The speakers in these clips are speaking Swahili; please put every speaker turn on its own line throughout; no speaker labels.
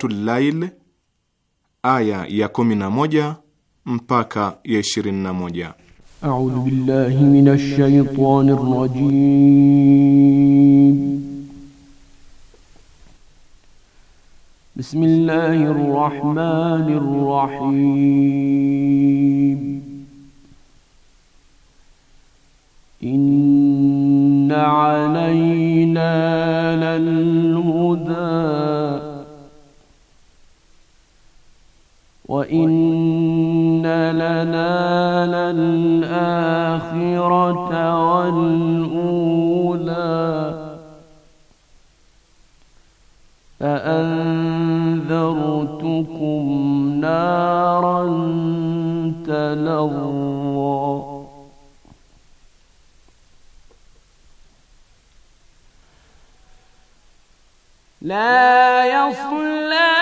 Suratul Lail aya ya kumi 11 mpaka ya 21.
A'udhu billahi minash shaitanir rajim. Bismillahir rahmanir rahim. Inna alayna lal huda وإن لنا للآخرة والأولى فأنذرتكم نارا تلظى لا يصلى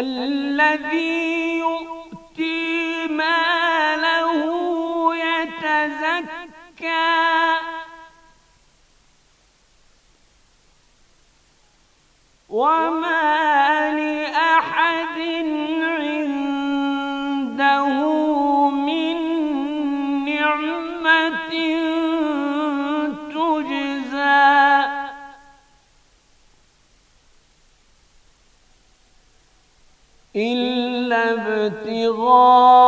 الذي يؤتي ماله يتزكى وما لي ابتغاء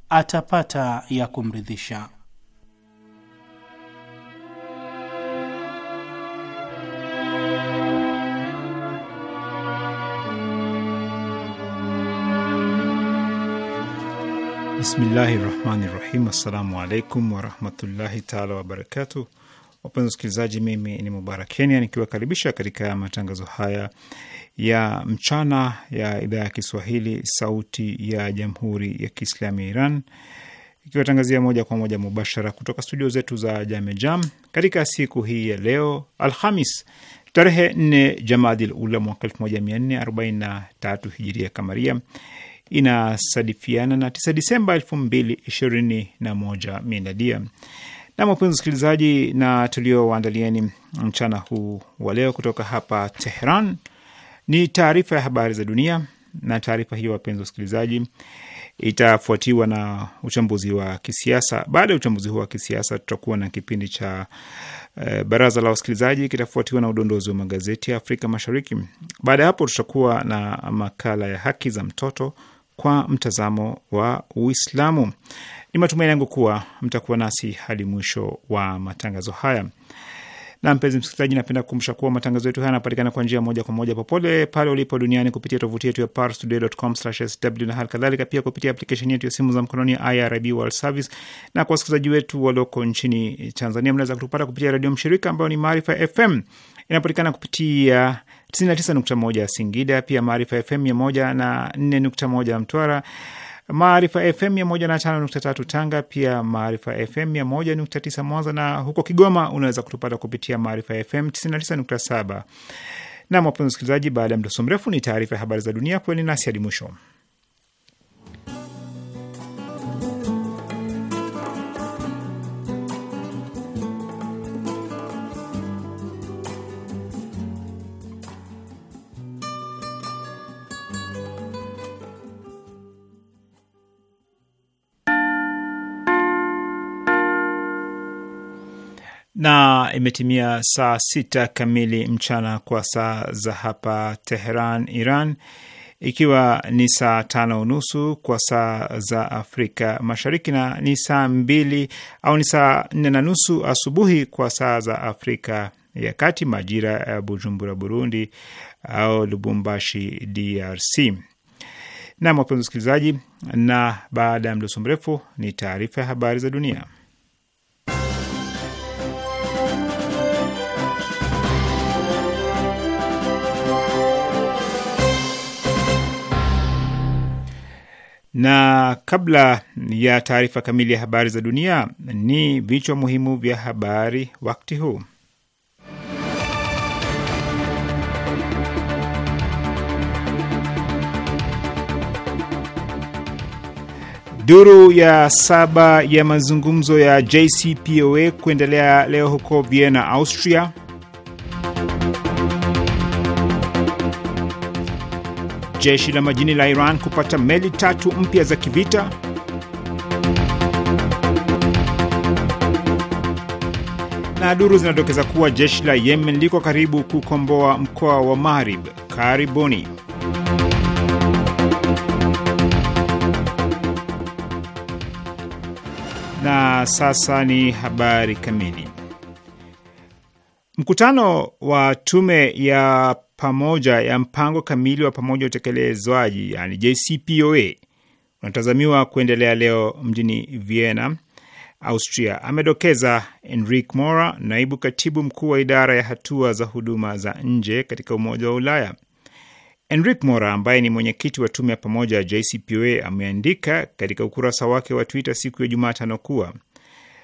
atapata ya kumridhisha.
Bismillahi rahmani rahim. Assalamu alaikum warahmatullahi taala wabarakatu. Wapenzi wasikilizaji, mimi ni Mubarak Kenya nikiwakaribisha katika matangazo haya ya mchana ya idhaa ya Kiswahili sauti ya jamhuri ya Kiislamu ya Iran ikiwatangazia moja kwa moja mubashara kutoka studio zetu za Jamejam katika siku hii ya leo Alhamis tarehe 4 Jamadil Ula mwaka tatu hijiria kamaria inasadifiana na 9 Disemba moja miladia. Na wapenzi msikilizaji, na tuliowaandalieni mchana huu wa leo kutoka hapa Tehran ni taarifa ya habari za dunia, na taarifa hiyo, wapenzi wasikilizaji, itafuatiwa na uchambuzi wa kisiasa. Baada ya uchambuzi huo wa kisiasa, tutakuwa na kipindi cha e, baraza la wasikilizaji, kitafuatiwa na udondozi wa magazeti ya Afrika Mashariki. Baada ya hapo, tutakuwa na makala ya haki za mtoto kwa mtazamo wa Uislamu. Ni matumaini yangu kuwa mtakuwa nasi hadi mwisho wa matangazo haya. Na mpenzi msikilizaji, napenda kukumbusha kuwa matangazo yetu haya yanapatikana kwa njia moja kwa moja popote pale ulipo duniani kupitia tovuti yetu ya parstoday.com/sw na hali kadhalika pia kupitia aplikesheni yetu ya simu za mkononi ya IRIB World Service. Na kwa wasikilizaji wetu walioko nchini Tanzania, mnaweza kutupata kupitia redio mshirika ambayo ni Maarifa FM, inapatikana kupitia 99.1 Singida, pia Maarifa FM 104.1 Mtwara Maarifa FM 105.3 Tanga, pia Maarifa FM 101.9 Mwanza, na huko Kigoma unaweza kutupata kupitia Maarifa FM 99.7. Na wapenzi wasikilizaji, baada ya mdoso mrefu ni taarifa ya habari za dunia. kweli nasi hadi mwisho. na imetimia saa sita kamili mchana kwa saa za hapa Teheran, Iran, ikiwa ni saa tano unusu kwa saa za Afrika Mashariki na ni saa mbili au ni saa nne na nusu asubuhi kwa saa za Afrika ya Kati, majira ya Bujumbura, Burundi au Lubumbashi, DRC. Nam, wapenzi msikilizaji, na baada ya mdoso mrefu ni taarifa ya habari za dunia. Na kabla ya taarifa kamili ya habari za dunia, ni vichwa muhimu vya habari wakati huu. Duru ya saba ya mazungumzo ya JCPOA kuendelea leo huko Vienna, Austria. jeshi la majini la Iran kupata meli tatu mpya za kivita, na duru zinadokeza kuwa jeshi la Yemen liko karibu kukomboa mkoa wa Marib. Karibuni. Na sasa ni habari kamili. Mkutano wa tume ya pamoja ya mpango kamili wa pamoja utekelezwaji yani JCPOA unatazamiwa kuendelea leo mjini Vienna, Austria, amedokeza Enrique Mora, naibu katibu mkuu wa idara ya hatua za huduma za nje katika Umoja wa Ulaya. Enrique Mora ambaye ni mwenyekiti wa tume ya pamoja ya JCPOA ameandika katika ukurasa wake wa Twitter siku ya Jumatano kuwa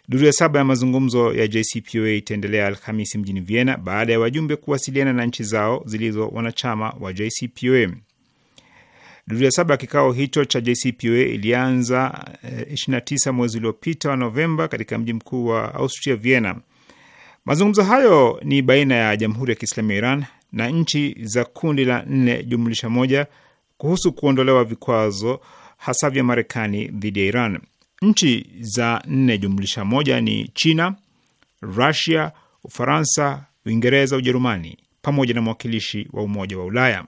Duru ya saba ya mazungumzo ya JCPOA itaendelea Alhamisi mjini Vienna baada ya wajumbe kuwasiliana na nchi zao zilizo wanachama wa JCPOA. Duru ya saba ya kikao hicho cha JCPOA ilianza 29 eh, mwezi uliopita wa Novemba katika mji mkuu wa Austria, Vienna. Mazungumzo hayo ni baina ya Jamhuri ya Kiislamu ya Iran na nchi za kundi la nne jumlisha moja kuhusu kuondolewa vikwazo hasa vya Marekani dhidi ya Iran. Nchi za nne jumlisha moja ni China, Rusia, Ufaransa, Uingereza, Ujerumani pamoja na mwakilishi wa Umoja wa Ulaya.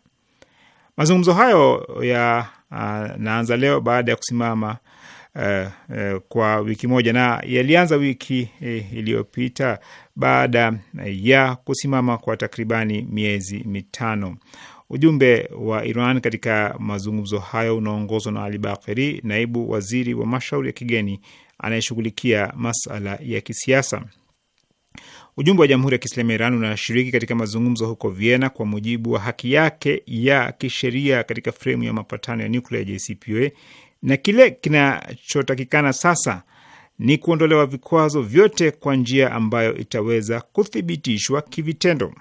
Mazungumzo hayo yanaanza uh, leo baada ya kusimama uh, uh, kwa wiki moja na yalianza wiki uh, iliyopita baada ya kusimama kwa takribani miezi mitano. Ujumbe wa Iran katika mazungumzo hayo unaongozwa na Ali Bakiri, naibu waziri wa mashauri ya kigeni anayeshughulikia masala ya kisiasa. Ujumbe wa Jamhuri ya Kiislamu ya Iran unashiriki katika mazungumzo huko Vienna kwa mujibu wa haki yake ya kisheria katika fremu ya mapatano ya nuklea ya JCPOA, na kile kinachotakikana sasa ni kuondolewa vikwazo vyote kwa njia ambayo itaweza kuthibitishwa kivitendo.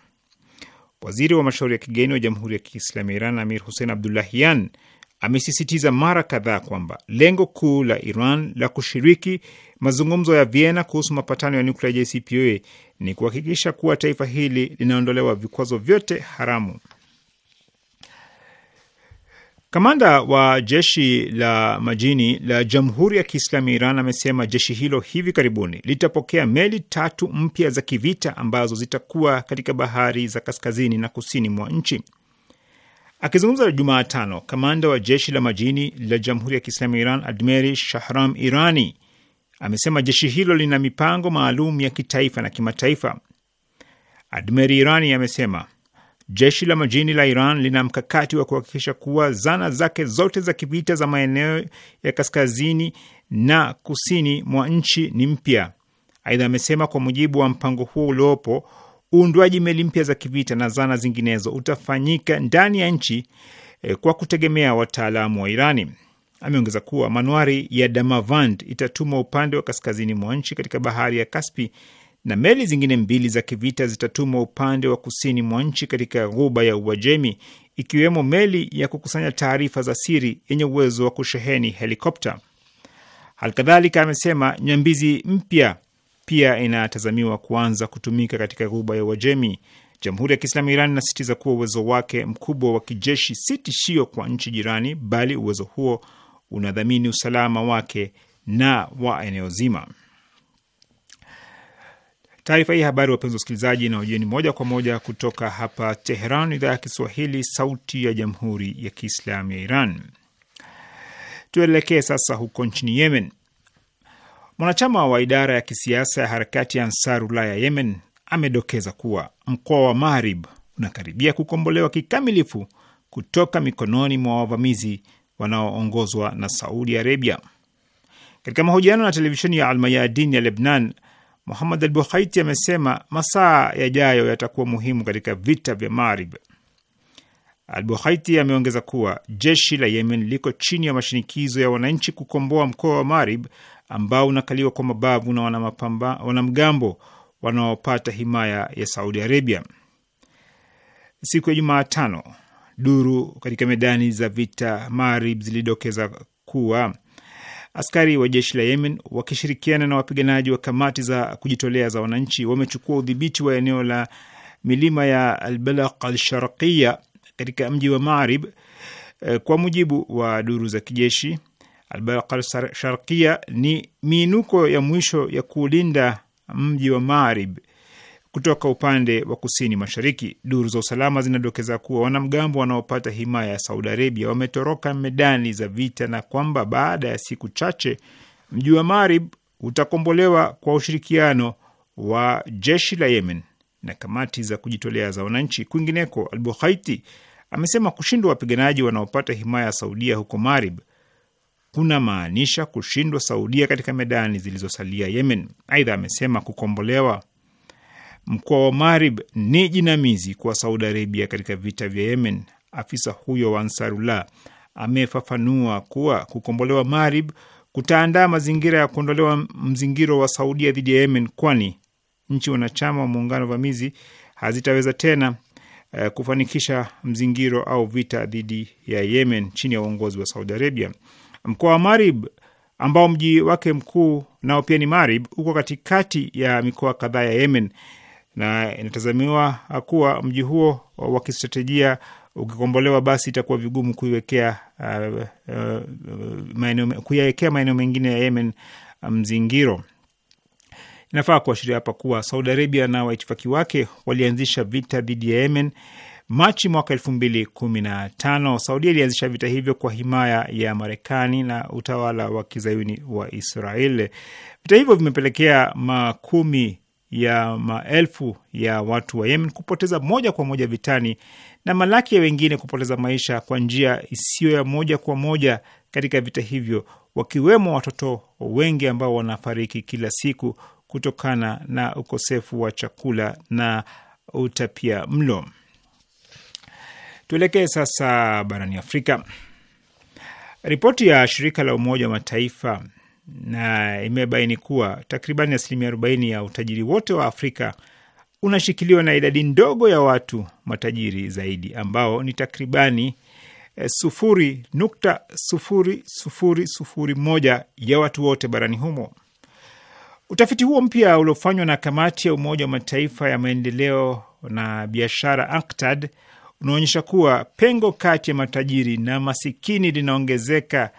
Waziri wa mashauri ya kigeni wa Jamhuri ya Kiislamu ya Iran Amir Hussein Abdullahian amesisitiza mara kadhaa kwamba lengo kuu la Iran la kushiriki mazungumzo ya Vienna kuhusu mapatano ya nuklia JCPOA ni kuhakikisha kuwa taifa hili linaondolewa vikwazo vyote haramu Kamanda wa jeshi la majini la Jamhuri ya Kiislamu ya Iran amesema jeshi hilo hivi karibuni litapokea meli tatu mpya za kivita ambazo zitakuwa katika bahari za kaskazini na kusini mwa nchi. Akizungumza Jumatano, kamanda wa jeshi la majini la Jamhuri ya Kiislamu ya Iran Admeri Shahram Irani amesema jeshi hilo lina mipango maalum ya kitaifa na kimataifa. Admeri Irani amesema jeshi la majini la Iran lina mkakati wa kuhakikisha kuwa zana zake zote za kivita za maeneo ya kaskazini na kusini mwa nchi ni mpya. Aidha amesema kwa mujibu wa mpango huo uliopo, uundwaji meli mpya za kivita na zana zinginezo utafanyika ndani ya nchi eh, kwa kutegemea wataalamu wa Irani. Ameongeza kuwa manuari ya Damavand itatumwa upande wa kaskazini mwa nchi katika bahari ya Kaspi na meli zingine mbili za kivita zitatumwa upande wa kusini mwa nchi katika ghuba ya Uajemi, ikiwemo meli ya kukusanya taarifa za siri yenye uwezo wa kusheheni helikopta. Halikadhalika amesema nyambizi mpya pia inatazamiwa kuanza kutumika katika ghuba ya Uajemi. Jamhuri ya Kiislamu Iran inasisitiza kuwa uwezo wake mkubwa wa kijeshi si tishio kwa nchi jirani, bali uwezo huo unadhamini usalama wake na wa eneo zima. Taarifa hii habari, wapenzi wasikilizaji, inaojieni moja kwa moja kutoka hapa Teheran, idhaa ya Kiswahili, sauti ya jamhuri ya kiislamu ya Iran. Tuelekee sasa huko nchini Yemen. Mwanachama wa idara ya kisiasa ya harakati ya Ansarullah ya Yemen amedokeza kuwa mkoa wa Marib unakaribia kukombolewa kikamilifu kutoka mikononi mwa wavamizi wanaoongozwa na Saudi Arabia. Katika mahojiano na televisheni ya Almayadin ya Lebnan, Muhamad al Bukhaiti amesema masaa yajayo yatakuwa muhimu katika vita vya Marib. Al Bukhaiti ameongeza kuwa jeshi la Yemen liko chini ya mashinikizo ya wananchi kukomboa mkoa wa Marib ambao unakaliwa kwa mabavu na wanamgambo wanaopata himaya ya Saudi Arabia. Siku ya Jumatano, duru katika medani za vita Marib zilidokeza kuwa Askari wa jeshi la Yemen wakishirikiana na wapiganaji wa kamati za kujitolea za wananchi wamechukua udhibiti wa eneo la milima ya Albalaq Alsharqiya katika mji wa Marib. Eh, kwa mujibu wa duru za kijeshi, Albalaq Alsharqiya ni miinuko ya mwisho ya kuulinda mji wa Marib kutoka upande wa kusini mashariki. Duru za usalama zinadokeza kuwa wanamgambo wanaopata himaya ya Saudi Arabia wametoroka medani za vita na kwamba baada ya siku chache mji wa Marib utakombolewa kwa ushirikiano wa jeshi la Yemen na kamati za kujitolea za wananchi. Kwingineko, Bukhaiti amesema kushindwa wapiganaji wanaopata himaya ya Saudia huko Marib kuna maanisha kushindwa Saudia katika medani zilizosalia Yemen. Aidha amesema kukombolewa mkoa wa Marib ni jinamizi kwa Saudi Arabia katika vita vya Yemen. Afisa huyo wa Ansarullah amefafanua kuwa kukombolewa Marib kutaandaa mazingira ya kuondolewa mzingiro wa Saudia dhidi ya Yemen, kwani nchi wanachama wa muungano vamizi hazitaweza tena uh, kufanikisha mzingiro au vita dhidi ya Yemen chini ya uongozi wa Saudi Arabia. Mkoa wa Marib ambao mji wake mkuu nao pia ni Marib uko katikati ya mikoa kadhaa ya Yemen na inatazamiwa kuwa mji huo wa kistratejia ukikombolewa, basi itakuwa vigumu kuiwekea uh, uh, kuyawekea maeneo mengine ya Yemen uh, mzingiro. Inafaa kuashiria hapa kuwa Saudi Arabia na waitifaki wake walianzisha vita dhidi ya Yemen Machi mwaka elfu mbili kumi na tano. Saudia ilianzisha vita hivyo kwa himaya ya Marekani na utawala wa kizayuni wa Israel. Vita hivyo vimepelekea makumi ya maelfu ya watu wa Yemen kupoteza moja kwa moja vitani na malaki ya wengine kupoteza maisha kwa njia isiyo ya moja kwa moja katika vita hivyo, wakiwemo watoto wengi ambao wanafariki kila siku kutokana na ukosefu wa chakula na utapia mlo. Tuelekee sasa barani Afrika. Ripoti ya shirika la Umoja wa Mataifa na imebaini kuwa takribani asilimia 40 ya utajiri wote wa Afrika unashikiliwa na idadi ndogo ya watu matajiri zaidi ambao ni takribani eh, sufuri nukta sufuri sufuri sufuri moja ya watu wote barani humo. Utafiti huo mpya uliofanywa na kamati ya Umoja wa Mataifa ya maendeleo na biashara ACTAD unaonyesha kuwa pengo kati ya matajiri na masikini linaongezeka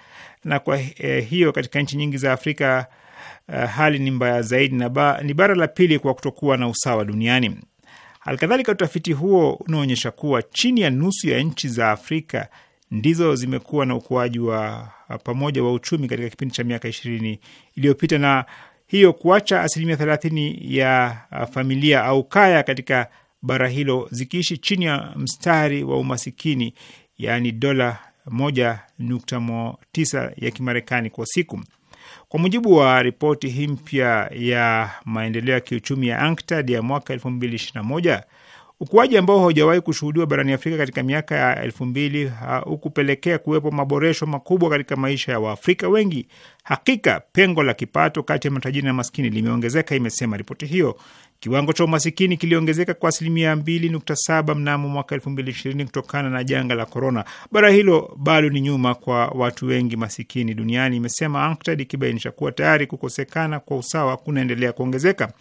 na kwa eh, hiyo katika nchi nyingi za Afrika uh, hali ni mbaya zaidi na ba, ni bara la pili kwa kutokuwa na usawa duniani. Halikadhalika, utafiti huo unaonyesha kuwa chini ya nusu ya nchi za Afrika ndizo zimekuwa na ukuaji wa pamoja wa uchumi katika kipindi cha miaka ishirini iliyopita, na hiyo kuacha asilimia thelathini ya eh, familia au kaya katika bara hilo zikiishi chini ya mstari wa umasikini, yaani dola 1.9 ya Kimarekani kwa siku. Kwa mujibu wa ripoti hii mpya ya maendeleo ya kiuchumi ya ANKTAD ya mwaka 2021, ukuaji ambao haujawahi kushuhudiwa barani Afrika katika miaka ya 2000 hukupelekea kuwepo maboresho makubwa katika maisha ya Waafrika wengi. Hakika pengo la kipato kati ya matajiri na maskini limeongezeka, imesema ripoti hiyo. Kiwango cha umasikini kiliongezeka kwa asilimia 2.7 mnamo mwaka 2020 kutokana na janga la korona. Bara hilo bado ni nyuma kwa watu wengi masikini duniani, imesema ANKTAD ikibainisha kuwa tayari kukosekana kwa usawa kunaendelea kuongezeka.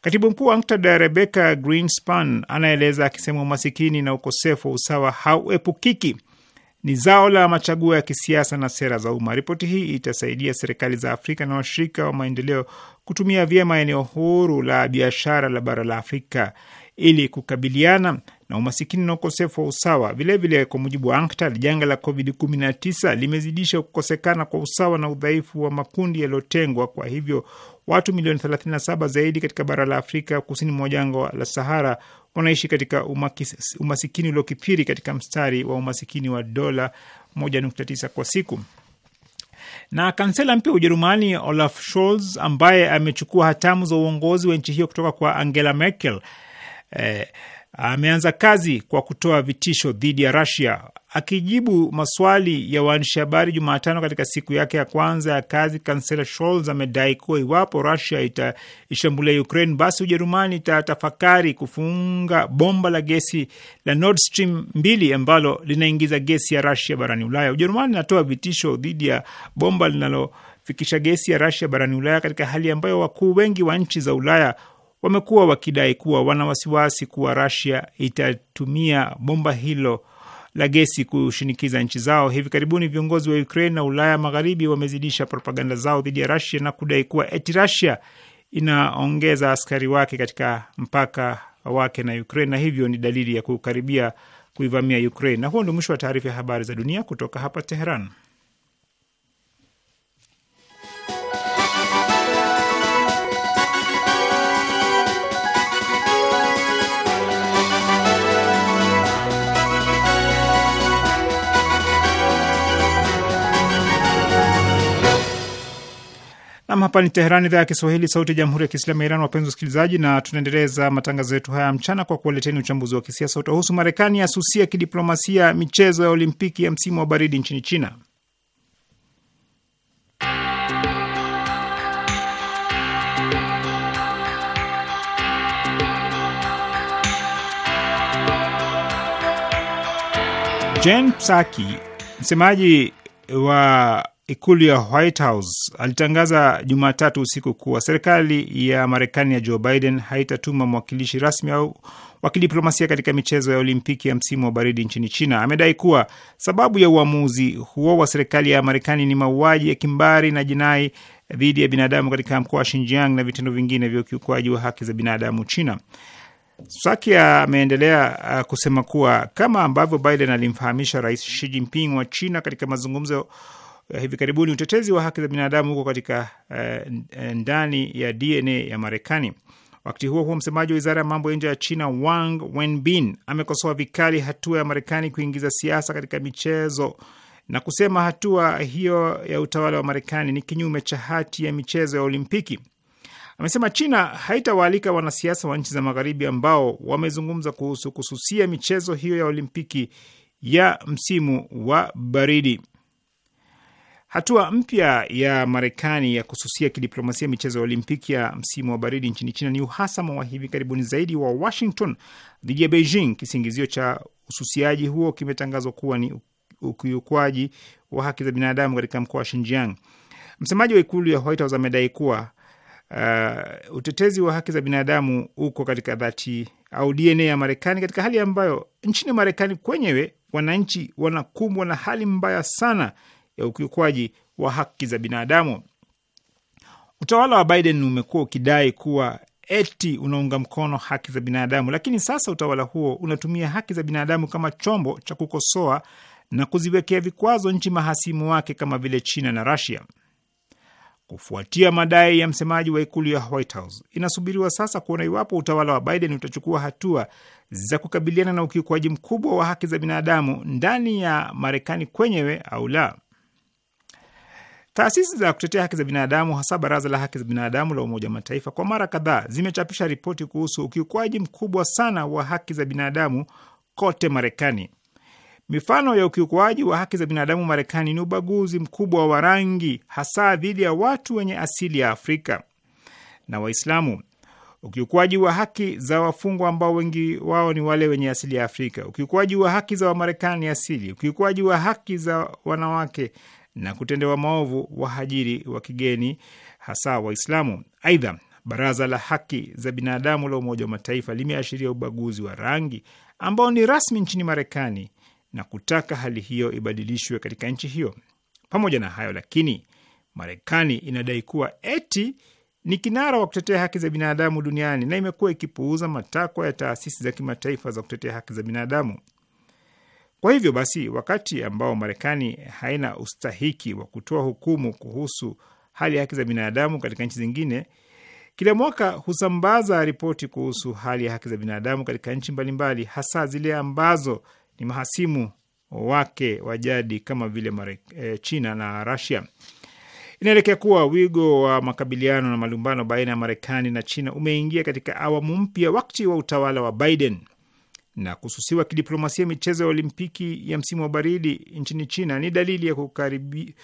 Katibu mkuu wa ANKTAD Rebecca Greenspan anaeleza akisema, umasikini na ukosefu wa usawa hauepukiki ni zao la machaguo ya kisiasa na sera za umma. Ripoti hii itasaidia serikali za Afrika na washirika wa maendeleo kutumia vyema eneo huru la biashara la bara la Afrika ili kukabiliana na umasikini na ukosefu wa usawa. Vilevile, kwa mujibu wa UNCTAD, janga la COVID-19 limezidisha kukosekana kwa usawa na udhaifu wa makundi yaliyotengwa. Kwa hivyo watu milioni 37 zaidi katika bara la Afrika kusini mwa jangwa la Sahara wanaishi katika umakis, umasikini uliokipiri katika mstari wa umasikini wa dola 1.9 kwa siku. Na kansela mpya wa Ujerumani Olaf Scholz ambaye amechukua hatamu za uongozi wa nchi hiyo kutoka kwa Angela Merkel eh, ameanza kazi kwa kutoa vitisho dhidi ya rasia Akijibu maswali ya waandishi habari Jumatano katika siku yake ya kwanza ya kazi, kansela Scholz amedai kuwa iwapo rusia itaishambulia Ukraine, basi Ujerumani itatafakari kufunga bomba la gesi la Nord Stream mbili ambalo linaingiza gesi ya rasia barani Ulaya. Ujerumani inatoa vitisho dhidi ya bomba linalofikisha gesi ya rasia barani Ulaya katika hali ambayo wakuu wengi wa nchi za Ulaya wamekuwa wakidai kuwa wana wasiwasi kuwa Russia itatumia bomba hilo la gesi kushinikiza nchi zao. Hivi karibuni viongozi wa Ukraine na Ulaya Magharibi wamezidisha propaganda zao dhidi ya Russia na kudai kuwa eti Russia inaongeza askari wake katika mpaka wake na Ukraine na hivyo ni dalili ya kukaribia kuivamia Ukraine. Na huo ndio mwisho wa taarifa ya habari za dunia kutoka hapa Teheran. Nam, hapa ni Teherani, idhaa ya Kiswahili, sauti ya jamhuri ya kiislamu ya Iran. Wapenzi wasikilizaji, na tunaendeleza matangazo yetu haya mchana kwa kuwaleteni uchambuzi wa kisiasa utahusu Marekani asusia kidiplomasia michezo ya olimpiki ya msimu wa baridi nchini China. Jen Psaki, msemaji wa ikulu ya White House alitangaza Jumatatu usiku kuwa serikali ya Marekani ya Joe Biden haitatuma mwakilishi rasmi au wa kidiplomasia katika michezo ya Olimpiki ya msimu wa baridi nchini China. Amedai kuwa sababu ya uamuzi huo wa serikali ya Marekani ni mauaji ya kimbari na jinai dhidi ya binadamu katika mkoa wa Xinjiang na vitendo vingine vya ukiukwaji wa haki za binadamu China. Saki ameendelea uh, kusema kuwa kama ambavyo Biden alimfahamisha Rais Xi Jinping wa China katika mazungumzo Eh, hivi karibuni utetezi wa haki za binadamu huko katika uh, ndani ya DNA ya Marekani. Wakati huo huo, msemaji wa wizara ya mambo ya nje ya China Wang Wenbin amekosoa vikali hatua ya Marekani kuingiza siasa katika michezo na kusema hatua hiyo ya utawala wa Marekani ni kinyume cha hati ya michezo ya Olimpiki. Amesema China haitawaalika wanasiasa wa nchi za magharibi ambao wamezungumza kuhusu kususia michezo hiyo ya Olimpiki ya msimu wa baridi. Hatua mpya ya Marekani ya kususia kidiplomasia michezo ya Olimpiki ya msimu wa baridi nchini China ni uhasama wa hivi karibuni zaidi wa Washington dhidi ya Beijing. Kisingizio cha ususiaji huo kimetangazwa kuwa ni ukiukwaji wa haki za binadamu katika mkoa wa Xinjiang. Msemaji wa ikulu ya White House amedai kuwa uh, utetezi wa haki za binadamu uko katika dhati au DNA ya Marekani, katika hali ambayo nchini Marekani kwenyewe wananchi wanakumbwa na hali mbaya sana ya ukiukwaji wa haki za binadamu. Utawala wa Biden umekuwa ukidai kuwa eti unaunga mkono haki za binadamu, lakini sasa utawala huo unatumia haki za binadamu kama chombo cha kukosoa na kuziwekea vikwazo nchi mahasimu wake kama vile China na Russia. Kufuatia madai ya msemaji wa ikulu ya White House, inasubiriwa sasa kuona iwapo utawala wa Biden utachukua hatua za kukabiliana na ukiukwaji mkubwa wa haki za binadamu ndani ya Marekani kwenyewe au la. Taasisi za kutetea haki za binadamu hasa Baraza la Haki za Binadamu la Umoja wa Mataifa kwa mara kadhaa zimechapisha ripoti kuhusu ukiukwaji mkubwa sana wa haki za binadamu kote Marekani. Mifano ya ukiukwaji wa haki za binadamu Marekani ni ubaguzi mkubwa wa rangi, hasa dhidi ya watu wenye asili ya Afrika na Waislamu, ukiukwaji wa haki za wafungwa ambao wengi wao ni wale wenye asili ya Afrika, ukiukwaji wa haki za Wamarekani asili, ukiukwaji wa haki za wanawake na kutendewa maovu wahajiri wa kigeni hasa Waislamu. Aidha, Baraza la Haki za Binadamu la Umoja wa Mataifa limeashiria ubaguzi wa rangi ambao ni rasmi nchini Marekani na kutaka hali hiyo ibadilishwe katika nchi hiyo. Pamoja na hayo lakini, Marekani inadai kuwa eti ni kinara wa kutetea haki za binadamu duniani na imekuwa ikipuuza matakwa ya taasisi za kimataifa za kutetea haki za binadamu. Kwa hivyo basi, wakati ambao Marekani haina ustahiki wa kutoa hukumu kuhusu hali ya haki za binadamu katika nchi zingine, kila mwaka husambaza ripoti kuhusu hali ya haki za binadamu katika nchi mbalimbali, hasa zile ambazo ni mahasimu wake wa jadi kama vile Marek, e, China na Rasia. Inaelekea kuwa wigo wa makabiliano na malumbano baina ya Marekani na China umeingia katika awamu mpya wakati wa utawala wa Biden na kususiwa kidiplomasia michezo ya Olimpiki ya msimu wa baridi nchini China ni dalili ya, kukaribi,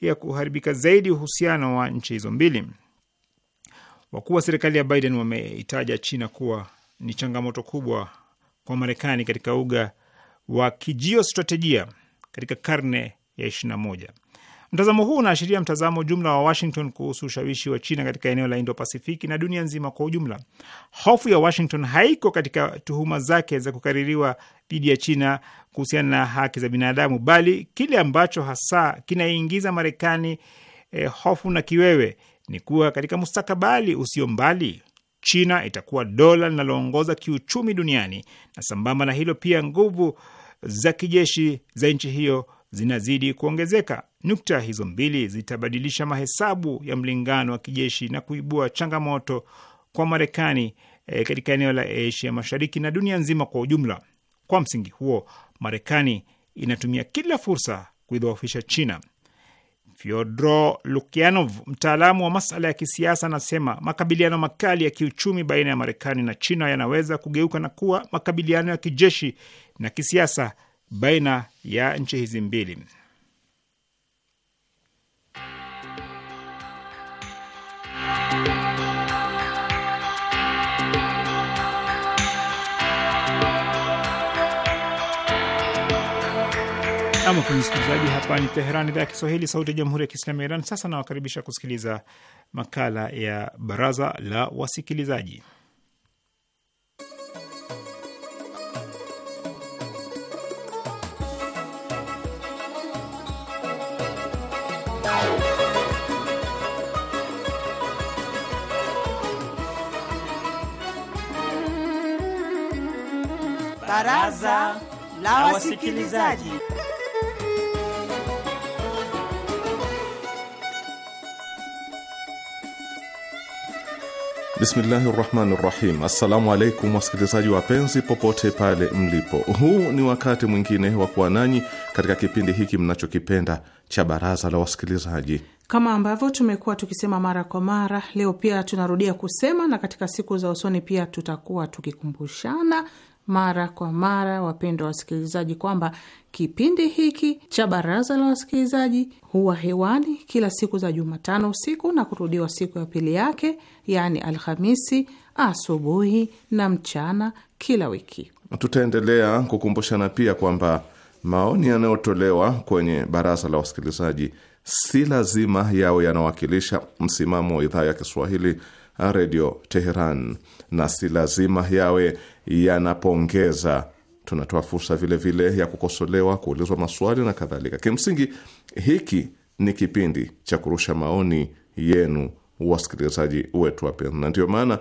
ya kuharibika zaidi uhusiano wa nchi hizo mbili. Wakuu wa serikali ya Biden wameitaja China kuwa ni changamoto kubwa kwa Marekani katika uga wa kijiostratejia katika karne ya 21. Mtazamo huu unaashiria mtazamo jumla wa Washington kuhusu ushawishi wa China katika eneo la Indo Pasifiki na dunia nzima kwa ujumla. Hofu ya Washington haiko katika tuhuma zake za kukaririwa dhidi ya China kuhusiana na haki za binadamu, bali kile ambacho hasa kinaingiza Marekani eh, hofu na kiwewe ni kuwa katika mustakabali usio mbali China itakuwa dola linaloongoza kiuchumi duniani, na sambamba na hilo pia nguvu za kijeshi za nchi hiyo zinazidi kuongezeka. Nukta hizo mbili zitabadilisha mahesabu ya mlingano wa kijeshi na kuibua changamoto kwa Marekani e, katika eneo la Asia Mashariki na dunia nzima kwa ujumla. Kwa msingi huo, Marekani inatumia kila fursa kuidhoofisha China. fyodro Lukianov, mtaalamu wa masala ya kisiasa, anasema makabiliano makali ya kiuchumi baina ya Marekani na China yanaweza kugeuka na kuwa makabiliano ya kijeshi na kisiasa baina ya nchi hizi mbili. Namkene msikilizaji, hapa ni Teheran, idhaa ya Kiswahili, sauti ya jamhuri ya kiislamu ya Iran. Sasa nawakaribisha kusikiliza makala ya baraza la wasikilizaji.
Baraza la Wasikilizaji.
Bismillahi rahmani rahim. Assalamu alaikum wasikilizaji wapenzi, popote pale mlipo, huu ni wakati mwingine wa kuwa nanyi katika kipindi hiki mnachokipenda cha baraza la wasikilizaji.
Kama ambavyo tumekuwa tukisema mara kwa mara, leo pia tunarudia kusema, na katika siku za usoni pia tutakuwa tukikumbushana mara kwa mara, wapendwa wasikilizaji, kwamba kipindi hiki cha Baraza la Wasikilizaji huwa hewani kila siku za Jumatano usiku na kurudiwa siku ya pili yake, yaani Alhamisi asubuhi na mchana kila wiki.
Tutaendelea kukumbushana pia kwamba maoni yanayotolewa kwenye Baraza la Wasikilizaji si lazima yawe yanawakilisha msimamo wa idhaa ya Kiswahili Redio Teheran na si lazima yawe yanapongeza. Tunatoa fursa vile vile ya kukosolewa, kuulizwa maswali na kadhalika. Kimsingi hiki ni kipindi cha kurusha maoni yenu, wasikilizaji wetu wapen na ndiyo maana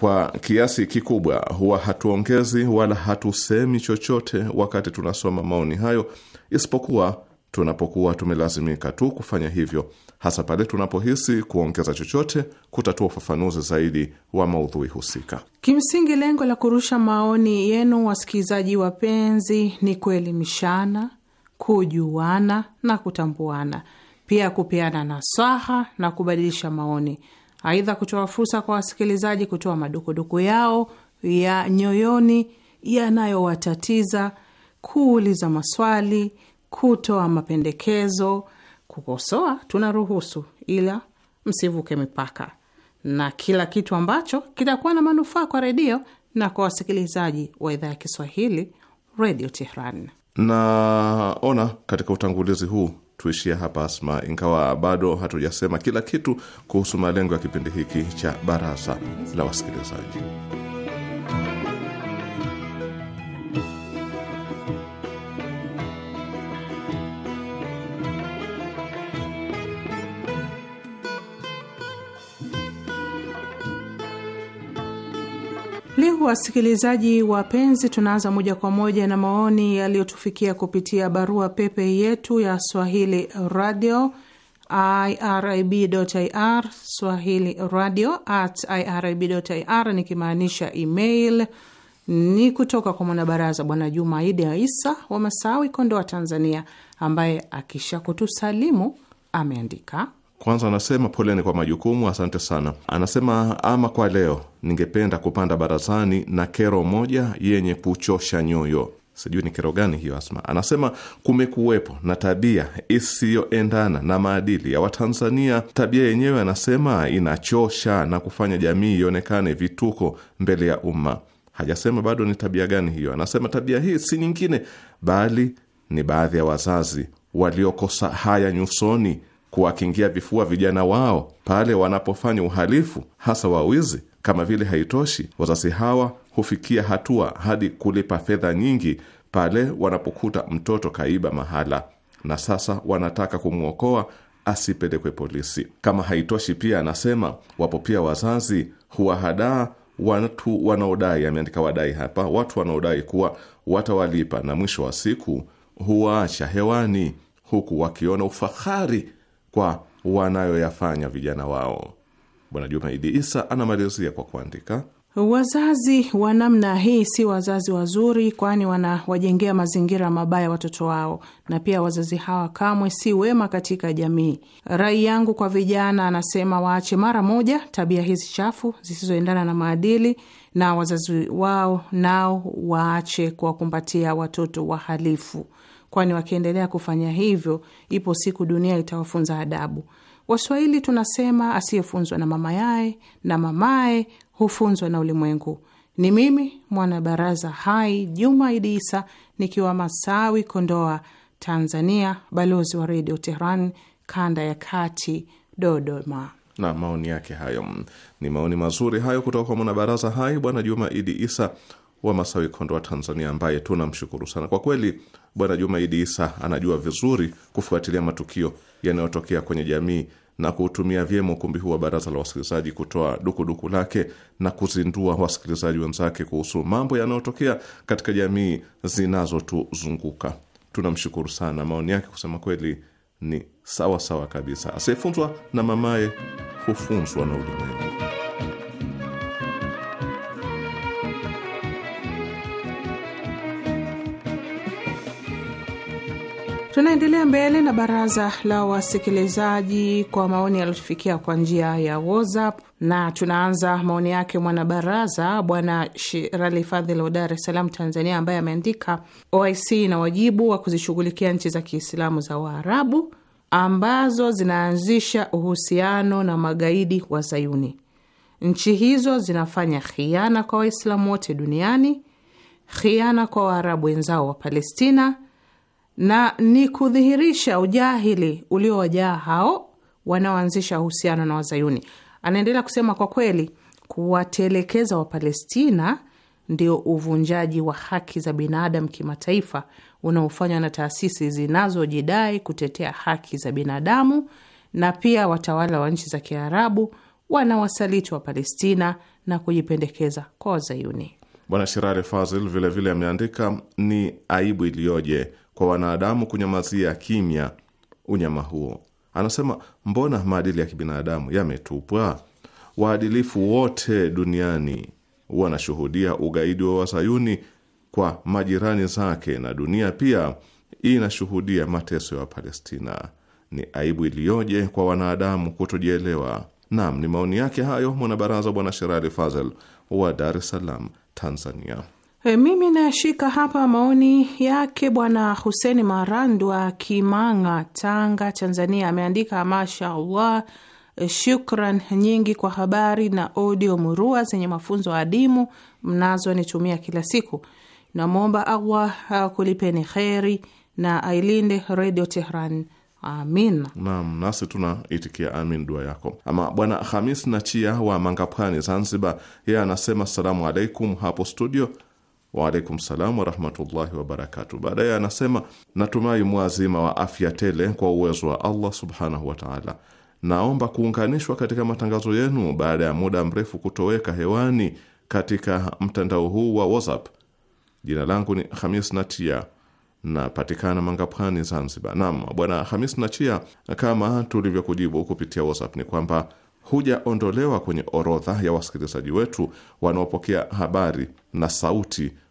kwa kiasi kikubwa huwa hatuongezi wala hatusemi chochote wakati tunasoma maoni hayo, isipokuwa tunapokuwa tumelazimika tu kufanya hivyo hasa pale tunapohisi kuongeza chochote kutatua ufafanuzi zaidi wa maudhui husika.
Kimsingi, lengo la kurusha maoni yenu, wasikilizaji wapenzi, ni kuelimishana, kujuana na kutambuana, pia kupeana nasaha na kubadilisha maoni. Aidha, kutoa fursa kwa wasikilizaji kutoa madukuduku yao ya nyoyoni yanayowatatiza, kuuliza maswali, kutoa mapendekezo Kukosoa tunaruhusu, ila msivuke mipaka, na kila kitu ambacho kitakuwa na manufaa kwa redio na kwa wasikilizaji wa idhaa ya Kiswahili Redio Tehran.
Naona katika utangulizi huu tuishia hapa Asma, ingawa bado hatujasema kila kitu kuhusu malengo ya kipindi hiki cha baraza la wasikilizaji.
wasikilizaji wapenzi, tunaanza moja kwa moja na maoni yaliyotufikia kupitia barua pepe yetu ya swahili radio irib.ir, swahili radio at irib.ir, nikimaanisha email. Ni kutoka kwa mwanabaraza Bwana Juma Idi Aisa wa Masawi, Kondoa, Tanzania, ambaye akisha kutusalimu ameandika
kwanza anasema poleni kwa majukumu, asante sana. Anasema ama kwa leo ningependa kupanda barazani na kero moja yenye kuchosha nyoyo. Sijui ni kero gani hiyo, Asma. Anasema kumekuwepo na tabia isiyoendana na maadili ya Watanzania. Tabia yenyewe anasema inachosha na kufanya jamii ionekane vituko mbele ya umma. Hajasema bado ni tabia gani hiyo. Anasema tabia hii si nyingine bali ni baadhi ya wazazi waliokosa haya nyusoni kuwakingia vifua vijana wao pale wanapofanya uhalifu, hasa wawizi. Kama vile haitoshi, wazazi hawa hufikia hatua hadi kulipa fedha nyingi pale wanapokuta mtoto kaiba mahala, na sasa wanataka kumwokoa asipelekwe polisi. Kama haitoshi, pia anasema wapo pia wazazi huwahadaa watu wanaodai, ameandika wadai hapa, watu wanaodai kuwa watawalipa na mwisho wa siku huwaacha hewani, huku wakiona ufahari kwa wanayoyafanya vijana wao. Bwana Juma Idi Isa anamalizia kwa kuandika
Wazazi wa namna hii si wazazi wazuri, kwani wanawajengea mazingira mabaya watoto wao, na pia wazazi hawa kamwe si wema katika jamii. Rai yangu kwa vijana, anasema waache mara moja tabia hizi chafu zisizoendana na maadili, na wazazi wao nao waache kuwakumbatia watoto wahalifu kwani wakiendelea kufanya hivyo, ipo siku dunia itawafunza adabu. Waswahili tunasema asiyefunzwa na mama yaye na mamaye hufunzwa na ulimwengu. Ni mimi mwanabaraza hai Juma Idi Isa nikiwa Masawi, Kondoa, Tanzania, balozi wa Redio Tehran kanda ya kati, Dodoma.
Na maoni yake hayo ni maoni mazuri hayo kutoka kwa mwanabaraza hai Bwana Juma Idi Isa wa Masawi, Kondoa, Tanzania, ambaye tunamshukuru sana kwa kweli Bwana Jumaidi Isa anajua vizuri kufuatilia matukio yanayotokea kwenye jamii na kuutumia vyema ukumbi huu wa baraza la wasikilizaji kutoa dukuduku lake na kuzindua wasikilizaji wenzake kuhusu mambo yanayotokea katika jamii zinazotuzunguka. Tunamshukuru sana. Maoni yake kusema kweli ni sawa sawa kabisa. Asiyefunzwa na mamaye hufunzwa na ulimwengu.
Tunaendelea mbele na baraza la wasikilizaji kwa maoni yaliyotufikia kwa njia ya WhatsApp, na tunaanza maoni yake mwanabaraza Bwana Shirali Fadhil wa Dar es Salaam, Tanzania, ambaye ameandika OIC na wajibu wa kuzishughulikia nchi za Kiislamu za Waarabu ambazo zinaanzisha uhusiano na magaidi wa Zayuni. Nchi hizo zinafanya khiana kwa Waislamu wote duniani, khiana kwa Waarabu wenzao wa Palestina na ni kudhihirisha ujahili uliowajaa hao wanaoanzisha uhusiano na Wazayuni. Anaendelea kusema, kwa kweli kuwatelekeza Wapalestina ndio uvunjaji wa haki za binadamu kimataifa unaofanywa na taasisi zinazojidai kutetea haki za binadamu na pia watawala wa nchi za Kiarabu wanawasaliti wa Palestina na kujipendekeza kwa Wazayuni.
Bwana Shirari Fazil vilevile ameandika ni aibu iliyoje kwa wanadamu kunyamazia kimya unyama huo. Anasema, mbona maadili ya kibinadamu yametupwa? Waadilifu wote duniani wanashuhudia ugaidi wa Wasayuni kwa majirani zake na dunia pia inashuhudia mateso ya Wapalestina. Ni aibu iliyoje kwa wanadamu kutojielewa. Naam, ni maoni yake hayo mwanabaraza Bwana Sherali Fazel wa Dar es Salaam, Tanzania.
E, mimi nashika hapa maoni yake Bwana Huseni Marandwa Kimanga, Tanga, Tanzania. Ameandika mashaallah, e, shukran nyingi kwa habari na audio murua zenye mafunzo adimu mnazonitumia kila siku. Namwomba Allah akulipeni kheri na ailinde Redio Tehran. Amin.
Naam, nasi tunaitikia amin dua yako. Ama bwana Hamis Nachia wa Mangapwani, Zanzibar, yeye anasema assalamu alaikum hapo studio Waalaikum salam warahmatullahi wabarakatu. Baadaye anasema natumai mwazima wa afya tele kwa uwezo wa Allah subhanahu wataala. Naomba kuunganishwa katika matangazo yenu baada ya muda mrefu kutoweka hewani katika mtandao huu wa WhatsApp. Jina langu ni Hamis Natia, napatikana Mangapwani, Zanzibar. Naam, Bwana Hamis Nachia, kama tulivyokujibu kupitia WhatsApp ni kwamba hujaondolewa kwenye orodha ya wasikilizaji wetu wanaopokea habari na sauti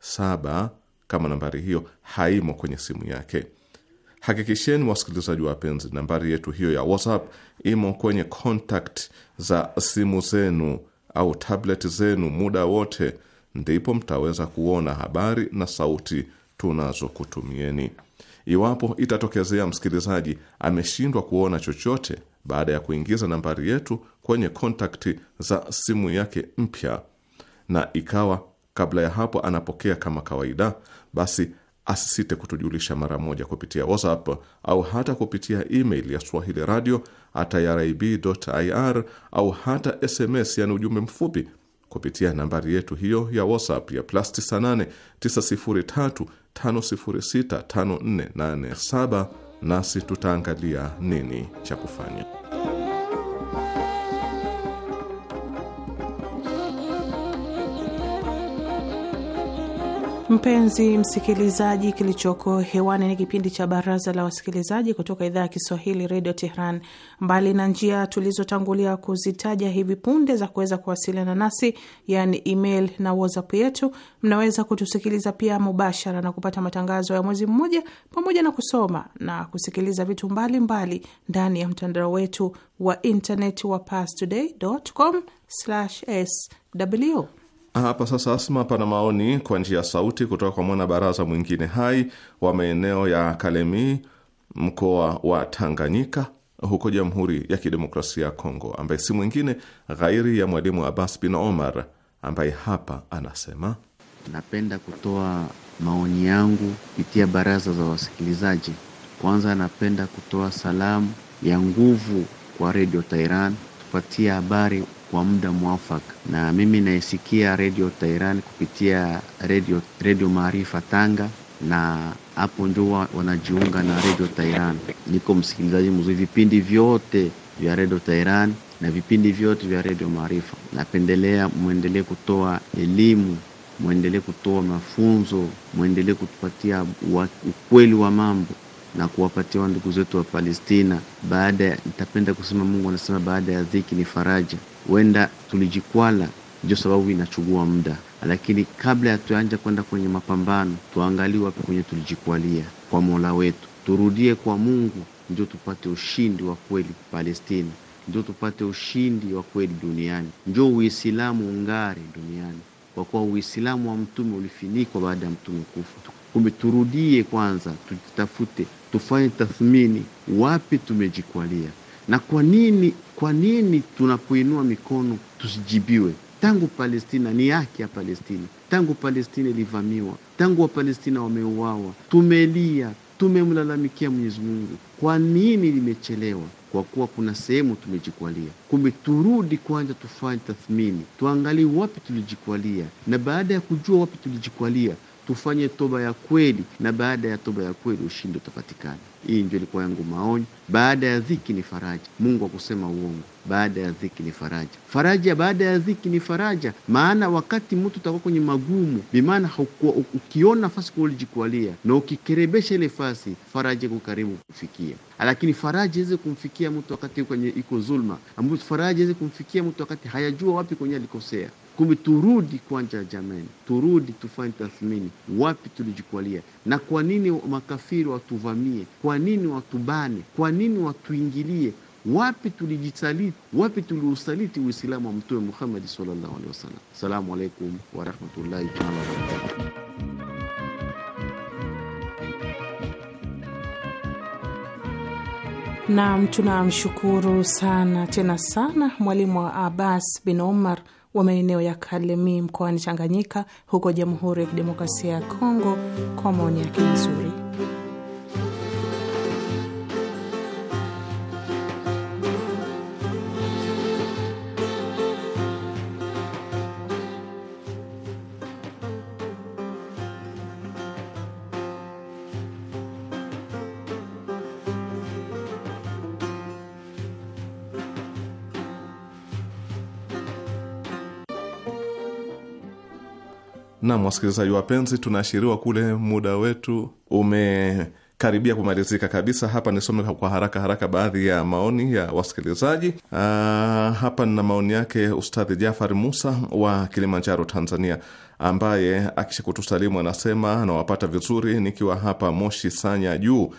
saba kama nambari hiyo haimo kwenye simu yake. Hakikisheni wasikilizaji wapenzi, nambari yetu hiyo ya WhatsApp imo kwenye contact za simu zenu au tablet zenu muda wote, ndipo mtaweza kuona habari na sauti tunazokutumieni. Iwapo itatokezea msikilizaji ameshindwa kuona chochote baada ya kuingiza nambari yetu kwenye kontakti za simu yake mpya na ikawa Kabla ya hapo anapokea kama kawaida, basi asisite kutujulisha mara moja kupitia WhatsApp au hata kupitia email ya swahili radio at irib.ir au hata SMS, yani ujumbe mfupi kupitia nambari yetu hiyo ya WhatsApp ya plus 98 nasi tutaangalia nini cha kufanya.
Mpenzi msikilizaji, kilichoko hewani ni kipindi cha Baraza la Wasikilizaji kutoka idhaa ya Kiswahili Redio Tehran. Mbali na njia tulizotangulia kuzitaja hivi punde za kuweza kuwasiliana nasi, yani email na WhatsApp yetu, mnaweza kutusikiliza pia mubashara na kupata matangazo ya mwezi mmoja, pamoja na kusoma na kusikiliza vitu mbalimbali mbali ndani ya mtandao wetu wa internet wa parstoday.com/sw
hapa sasa, Asma, pana maoni kwa njia ya sauti kutoka kwa mwanabaraza mwingine hai wa maeneo ya Kalemi, mkoa wa Tanganyika, huko Jamhuri ya Kidemokrasia ya Kongo, ambaye si mwingine ghairi ya Mwalimu Abbas
bin Omar, ambaye hapa anasema napenda kutoa maoni yangu kupitia baraza za wasikilizaji. Kwanza napenda kutoa salamu ya nguvu kwa Redio Tairan, kupatia habari kwa muda mwafaka, na mimi naisikia redio Tairan kupitia redio redio Maarifa Tanga, na hapo ndio wanajiunga na redio Tairan. Niko msikilizaji mzuri vipindi vyote vya redio Tairan na vipindi vyote vya redio Maarifa. Napendelea mwendelee kutoa elimu, mwendelee kutoa mafunzo, mwendelee kutupatia ukweli wa mambo na kuwapatia ndugu zetu wa Palestina. Baada ya nitapenda kusema Mungu anasema baada ya dhiki ni faraja. Huenda tulijikwala, ndio sababu inachukua muda, lakini kabla ya kwenda kwenye mapambano, tuangalie wapi kwenye tulijikwalia kwa Mola wetu, turudie kwa Mungu ndio tupate ushindi wa kweli Palestina, ndio tupate ushindi wa kweli duniani, ndio Uislamu ungare duniani kwa kuwa Uislamu wa mtume ulifinikwa baada ya mtume kufa. Kumbe turudie kwanza, tutafute, tufanye tathmini, wapi tumejikwalia na kwa nini, kwa nini tunapoinua mikono tusijibiwe? Tangu Palestina ni yake ya Palestina, tangu Palestina ilivamiwa, tangu Wapalestina wameuawa, tumelia tumemlalamikia Mwenyezi Mungu, kwa nini limechelewa? Kwa kuwa kuna sehemu tumejikwalia. Kumbe turudi kwanza, tufanye tathmini, tuangalie wapi tulijikwalia, na baada ya kujua wapi tulijikwalia, tufanye toba ya kweli, na baada ya toba ya kweli ushindi utapatikana. Hii ndio ilikuwa yangu maoni. Baada ya dhiki ni faraja. Mungu akusema uongo, baada ya dhiki ni faraja. Faraja baada ya dhiki ni faraja, maana wakati mtu utakuwa kwenye magumu, bimaana ukiona nafasi kulijikwalia na ukikerebesha ile fasi, faraja iko karibu kufikia. Lakini faraja iweze kumfikia mtu wakati kwenye iko zulma, ambapo faraja iweze kumfikia mtu wakati hayajua wapi kwenye alikosea. Kumbe turudi kwanja, jamani, turudi tufanye tathmini, wapi tulijikwalia na kwa nini makafiri watuvamie? Kwa nini watubane? Kwa nini watuingilie? Wapi tulijisaliti? Wapi tuliusaliti Uislamu wa Mtume Muhammad sallallahu alaihi wasallam? Assalamu alaikum warahmatullahi taala wabarakatuh.
Naam, tunamshukuru sana tena sana mwalimu wa Abbas bin Omar wa maeneo ya Kalemi mkoani Tanganyika, huko Jamhuri ya Kidemokrasia ya Kongo, kwa maoni yake mazuri.
Nam, wasikilizaji wapenzi, tunaashiriwa kule muda wetu umekaribia kumalizika kabisa. Hapa nisome kwa haraka haraka baadhi ya maoni ya wasikilizaji. Aa, ah, hapa nina maoni yake Ustadhi Jafari Musa wa Kilimanjaro, Tanzania, ambaye akishakutusalimu anasema anawapata vizuri nikiwa hapa Moshi Sanya juu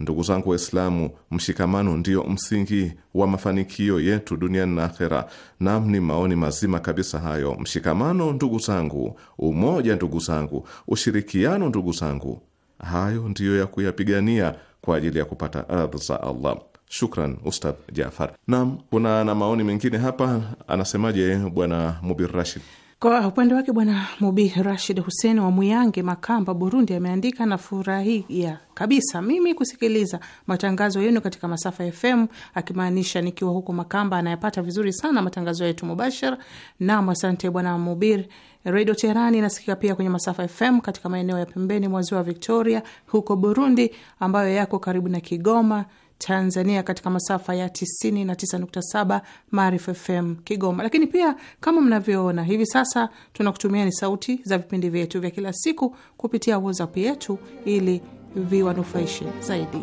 Ndugu zangu Waislamu, mshikamano ndiyo msingi wa mafanikio yetu duniani na akhera. Nam, ni maoni mazima kabisa hayo. Mshikamano ndugu zangu, umoja ndugu zangu, ushirikiano ndugu zangu, hayo ndiyo ya kuyapigania kwa ajili ya kupata ardhi za Allah. Shukran Ustadh Jafar. Nam, kuna na maoni mengine hapa, anasemaje Bwana Mubir Rashid?
Kwa upande wake Bwana Mubi Rashid Hussein wa Muyange, Makamba, Burundi, ameandika nafurahia kabisa mimi kusikiliza matangazo yenu katika masafa FM, akimaanisha nikiwa huko Makamba anayapata vizuri sana matangazo yetu mubashara. Nam, asante Bwana Mubir. Redio Teherani inasikika pia kwenye masafa FM katika maeneo ya pembeni mwa ziwa Victoria huko Burundi, ambayo yako karibu na Kigoma, Tanzania katika masafa ya 99.7 Maarifa FM Kigoma. Lakini pia kama mnavyoona hivi sasa, tunakutumia ni sauti za vipindi vyetu vya kila siku kupitia WhatsApp yetu ili viwanufaishe zaidi.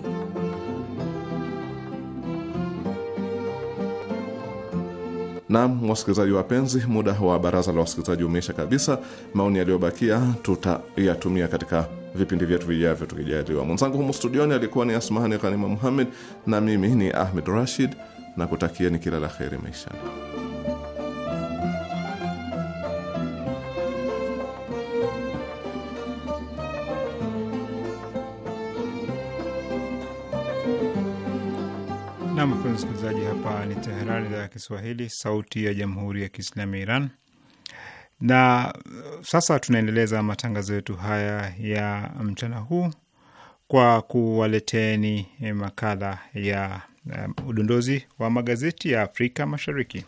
Nam, wasikilizaji wapenzi, muda wa baraza la wasikilizaji umeisha kabisa. Maoni yaliyobakia tutayatumia katika vipindi vyetu vijavyo tukijaliwa. Mwenzangu humu studioni alikuwa ni Asmahani Ghanima Muhammed na mimi ni Ahmed Rashid na kutakieni kila la kheri maishani.
Nam mpenzi msikilizaji, hapa ni Teherani, idhaa ya Kiswahili, sauti ya jamhuri ya kiislamu ya Iran. Na uh, sasa tunaendeleza matangazo yetu haya ya mchana huu kwa kuwaleteni eh, makala ya um, udondozi wa magazeti ya Afrika Mashariki.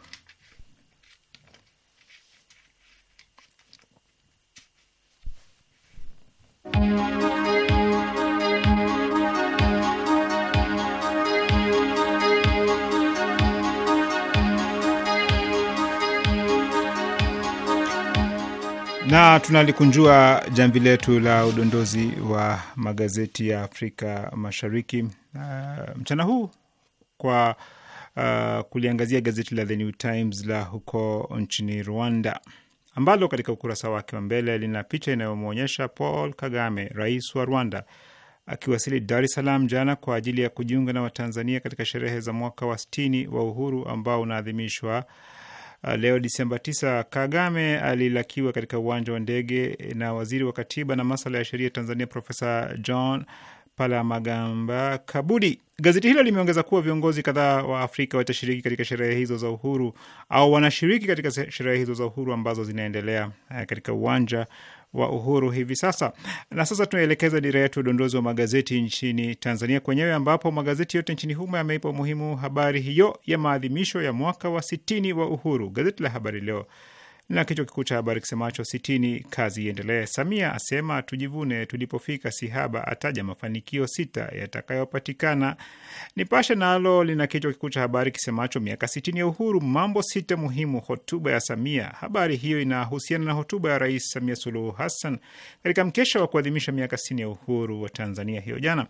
na tunalikunjua jamvi letu la udondozi wa magazeti ya Afrika Mashariki uh, mchana huu kwa uh, kuliangazia gazeti la The New Times la huko nchini Rwanda ambalo katika ukurasa wake wa mbele lina picha inayomwonyesha Paul Kagame, rais wa Rwanda, akiwasili Dar es Salaam jana kwa ajili ya kujiunga na Watanzania katika sherehe za mwaka wa sitini wa uhuru ambao unaadhimishwa Uh, leo Disemba 9, Kagame alilakiwa katika uwanja wa ndege na waziri wa katiba na masala ya sheria Tanzania Profesa John Palamagamba Kabudi. Gazeti hilo limeongeza kuwa viongozi kadhaa wa Afrika watashiriki katika sherehe hizo za uhuru au wanashiriki katika sherehe hizo za uhuru ambazo zinaendelea uh, katika uwanja wa uhuru hivi sasa. Na sasa tunaelekeza dira yetu ya udondozi wa magazeti nchini Tanzania kwenyewe, ambapo magazeti yote nchini humo yameipa umuhimu habari hiyo ya maadhimisho ya mwaka wa sitini wa uhuru. Gazeti la Habari Leo na kichwa kikuu cha habari kisemacho sitini kazi iendelee. Samia asema tujivune tulipofika, sihaba ataja mafanikio sita yatakayopatikana. Nipashe nalo lina kichwa kikuu cha habari kisemacho miaka sitini ya uhuru, mambo sita muhimu, hotuba ya Samia. Habari hiyo inahusiana na hotuba ya Rais Samia Suluhu Hassan katika mkesha wa kuadhimisha miaka sitini ya uhuru wa Tanzania hiyo jana.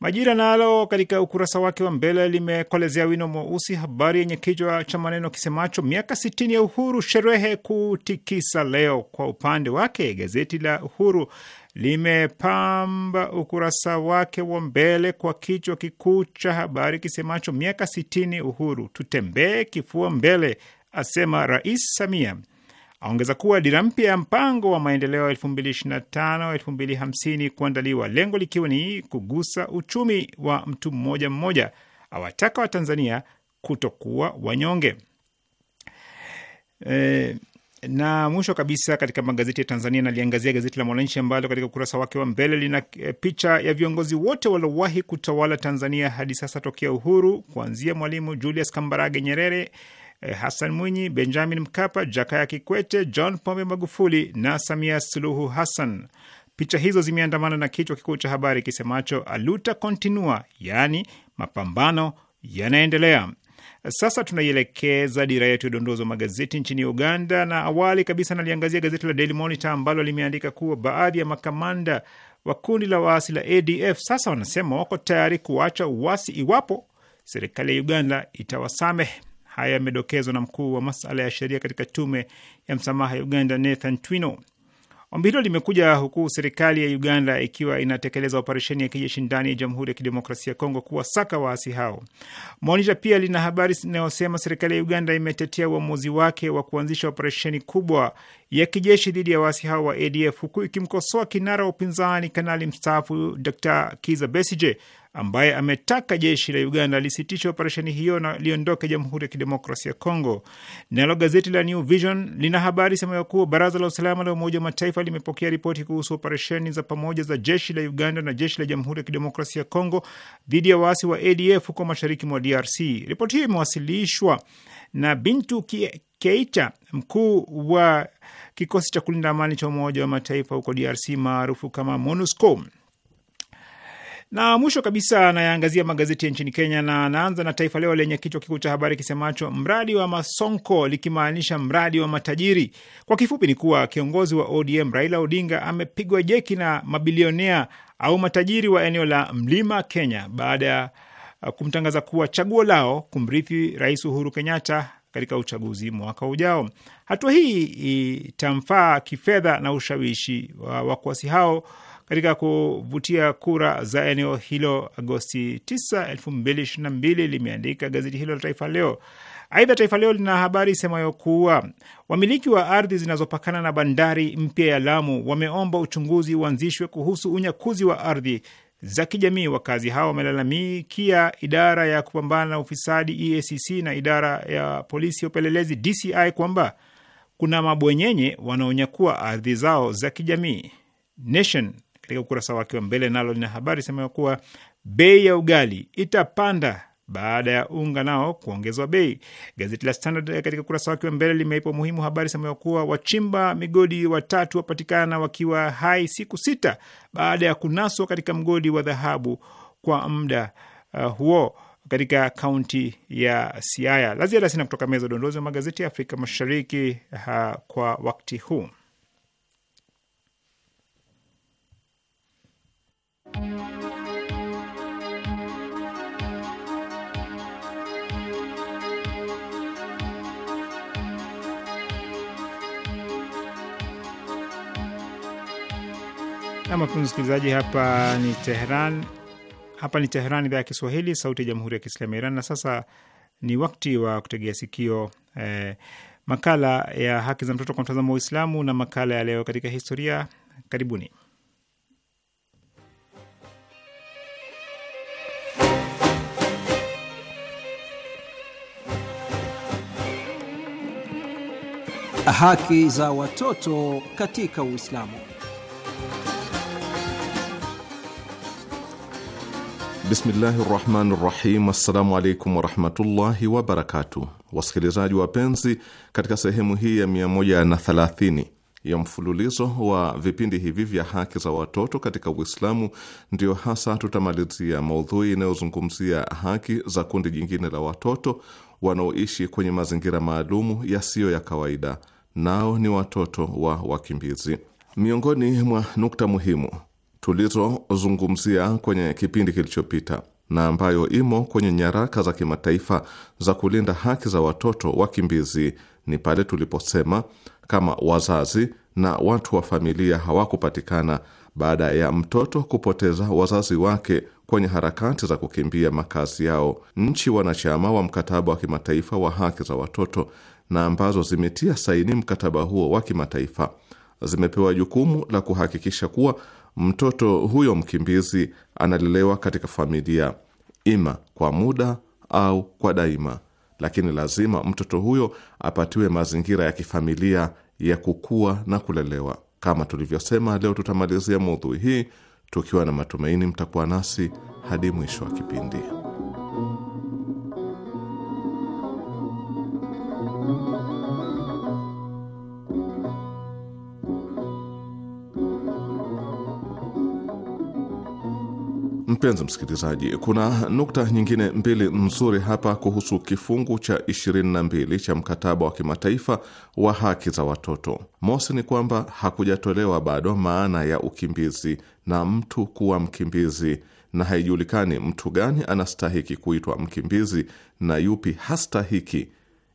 Majira nalo katika ukurasa wake wa mbele limekolezea wino mweusi habari yenye kichwa cha maneno kisemacho miaka sitini ya uhuru, sherehe kutikisa leo. Kwa upande wake gazeti la Uhuru limepamba ukurasa wake wa mbele kwa kichwa kikuu cha habari kisemacho miaka sitini uhuru, tutembee kifua mbele, asema Rais Samia. Aongeza kuwa dira mpya ya mpango wa maendeleo 2025-2050 kuandaliwa, lengo likiwa ni kugusa uchumi wa mtu mmoja mmoja. Awataka Watanzania kutokuwa wanyonge. E, na mwisho kabisa katika magazeti ya Tanzania naliangazia gazeti la Mwananchi ambalo katika ukurasa wake wa mbele lina eh, picha ya viongozi wote waliowahi kutawala Tanzania hadi sasa tokea uhuru, kuanzia Mwalimu Julius Kambarage Nyerere Eh, Hassan Mwinyi, Benjamin Mkapa, Jakaya Kikwete, John Pombe Magufuli na Samia Suluhu Hassan. Picha hizo zimeandamana na kichwa kikuu cha habari kisemacho aluta continua, yaani mapambano yanaendelea. Sasa tunaielekeza dira yetu ya udondozi wa magazeti nchini Uganda, na awali kabisa naliangazia gazeti la Daily Monitor ambalo limeandika kuwa baadhi ya makamanda wa kundi la waasi la ADF sasa wanasema wako tayari kuacha uasi iwapo serikali ya Uganda itawasamehe. Haya yamedokezwa na mkuu wa masala ya sheria katika tume ya msamaha ya Uganda, Nathan Twino. Ombi hilo limekuja huku serikali ya Uganda ikiwa inatekeleza operesheni ya kijeshi ndani ya Jamhuri ya Kidemokrasia ya Kongo kuwasaka waasi hao. Monitor pia lina habari inayosema serikali ya Uganda imetetea uamuzi wake wa kuanzisha operesheni kubwa ya kijeshi dhidi ya waasi hao wa ADF huku ikimkosoa kinara wa upinzani kanali mstaafu Dr Kiza Besije ambaye ametaka jeshi la Uganda lisitishe operesheni hiyo na liondoke Jamhuri ya Kidemokrasia ya Kongo. Nalo gazeti la New Vision lina habari semayo kuwa baraza la usalama la Umoja wa Mataifa limepokea ripoti kuhusu operesheni za pamoja za jeshi la Uganda na jeshi la Jamhuri ya Kidemokrasia ya Kongo dhidi ya waasi wa ADF huko mashariki mwa DRC. Ripoti hiyo imewasilishwa na Bintu Keita, mkuu wa kikosi cha kulinda amani cha Umoja wa Mataifa huko DRC maarufu kama MONUSCO. Na mwisho kabisa anayeangazia magazeti ya nchini Kenya na anaanza na Taifa Leo lenye kichwa kikuu cha habari kisemacho mradi wa Masonko, likimaanisha mradi wa matajiri. Kwa kifupi ni kuwa kiongozi wa ODM Raila Odinga amepigwa jeki na mabilionea au matajiri wa eneo la Mlima Kenya baada ya Uh, kumtangaza kuwa chaguo lao kumrithi Rais Uhuru Kenyatta katika uchaguzi mwaka ujao. Hatua hii itamfaa kifedha na ushawishi wa wakwasi hao katika kuvutia kura za eneo hilo Agosti 9, 2022, limeandika gazeti hilo la Taifa Leo. Aidha, Taifa Leo lina habari isemayo kuwa wamiliki wa ardhi zinazopakana na bandari mpya ya Lamu wameomba uchunguzi uanzishwe kuhusu unyakuzi wa ardhi za kijamii. Wakazi hao wamelalamikia idara ya kupambana na ufisadi EACC na idara ya polisi ya upelelezi DCI kwamba kuna mabwenyenye wanaonyakua ardhi zao za kijamii. Nation katika ukurasa wake wa mbele nalo lina habari sema kuwa bei ya ugali itapanda baada ya unga nao kuongezwa bei. Gazeti la Standard katika ukurasa wake wa mbele limeipa umuhimu habari semayo kuwa wachimba migodi watatu wapatikana wakiwa hai siku sita baada ya kunaswa katika mgodi wa dhahabu kwa muda uh, huo katika kaunti ya Siaya. La ziada sina kutoka meza udondozi wa magazeti ya Afrika Mashariki uh, kwa wakati huu. Nam msikilizaji, hapa ni Tehran, hapa ni Teheran, idhaa ya Kiswahili, sauti ya jamhuri ya kiislamu ya Iran. Na sasa ni wakati wa kutegea sikio eh, makala ya haki za mtoto kwa mtazamo wa Uislamu na makala ya leo katika historia. Karibuni.
Haki za watoto katika Uislamu.
Bismillahi rahmani rahim. Assalamu alaikum warahmatullahi wabarakatu. Wasikilizaji wapenzi, katika sehemu hii ya 130 ya mfululizo wa vipindi hivi vya haki za watoto katika Uislamu, ndiyo hasa tutamalizia maudhui inayozungumzia haki za kundi jingine la watoto wanaoishi kwenye mazingira maalumu yasiyo ya kawaida, nao ni watoto wa wakimbizi. Miongoni mwa nukta muhimu tulizozungumzia kwenye kipindi kilichopita na ambayo imo kwenye nyaraka za kimataifa za kulinda haki za watoto wakimbizi ni pale tuliposema kama wazazi na watu wa familia hawakupatikana baada ya mtoto kupoteza wazazi wake kwenye harakati za kukimbia makazi yao, nchi wanachama wa mkataba wa kimataifa wa haki za watoto na ambazo zimetia saini mkataba huo wa kimataifa zimepewa jukumu la kuhakikisha kuwa mtoto huyo mkimbizi analelewa katika familia ima kwa muda au kwa daima, lakini lazima mtoto huyo apatiwe mazingira ya kifamilia ya kukua na kulelewa. Kama tulivyosema, leo tutamalizia maudhui hii tukiwa na matumaini mtakuwa nasi hadi mwisho wa kipindi. Mpenzi msikilizaji, kuna nukta nyingine mbili nzuri hapa kuhusu kifungu cha 22 cha mkataba wa kimataifa wa haki za watoto. Mosi ni kwamba hakujatolewa bado maana ya ukimbizi na mtu kuwa mkimbizi, na haijulikani mtu gani anastahiki kuitwa mkimbizi na yupi hastahiki,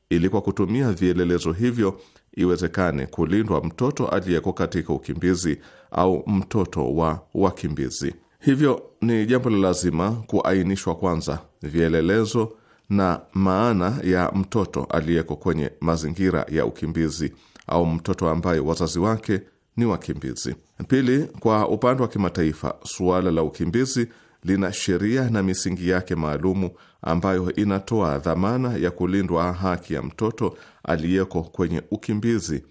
ili kwa kutumia vielelezo hivyo iwezekane kulindwa mtoto aliyeko katika ukimbizi au mtoto wa wakimbizi. Hivyo ni jambo la lazima kuainishwa kwanza vielelezo na maana ya mtoto aliyeko kwenye mazingira ya ukimbizi au mtoto ambaye wazazi wake ni wakimbizi. Pili, kwa upande wa kimataifa, suala la ukimbizi lina sheria na misingi yake maalumu ambayo inatoa dhamana ya kulindwa haki ya mtoto aliyeko kwenye ukimbizi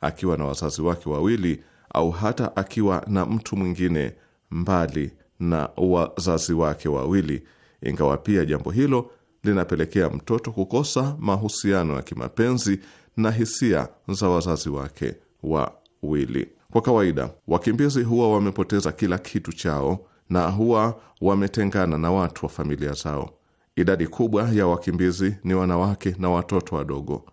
akiwa na wazazi wake wawili au hata akiwa na mtu mwingine mbali na wazazi wake wawili, ingawa pia jambo hilo linapelekea mtoto kukosa mahusiano ya kimapenzi na hisia za wazazi wake wawili. Kwa kawaida, wakimbizi huwa wamepoteza kila kitu chao na huwa wametengana na watu wa familia zao. Idadi kubwa ya wakimbizi ni wanawake na watoto wadogo.